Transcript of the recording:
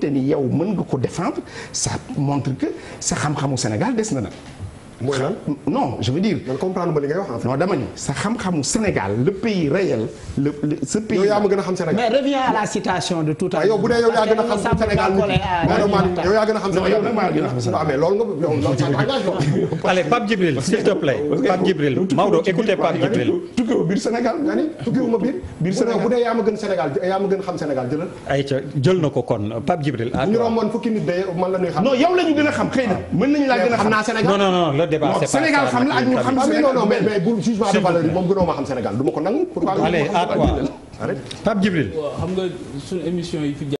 fekkente ni yow mën nga ko défendre ça montre que sa xam-xamu Sénégal des na nag mooy lan non je veux dire. man comprendre ba li ngay wax en fait. non dama ni sa xam-xamu Sénégal le pays réel le ce pays. yow yaa ma gën a xam Sénégal mais reviens à la citation de tout à l'heure. Ah, yow bu dee yow yaa gën a gën a Sénégal waaw ah, mais loolu nga loolu ça t'engage quoi. allez Pape Djibril Sénégal nga ni tukki wu ma biir. biir yaa ma gën Sénégal Sénégal jël na ko kon Pape Djibril. non yow la gën a xam ah. mën nañu laa gën a xam Sénégal non non non débat c'est pas Sénégal xam la ak ñu xam ah, non non mais mais bu jugement de valeur yi moom gënoo ma xam Sénégal du ma ko nangu. allez à toi Pape Djibril. xam nga suñu émission yi fi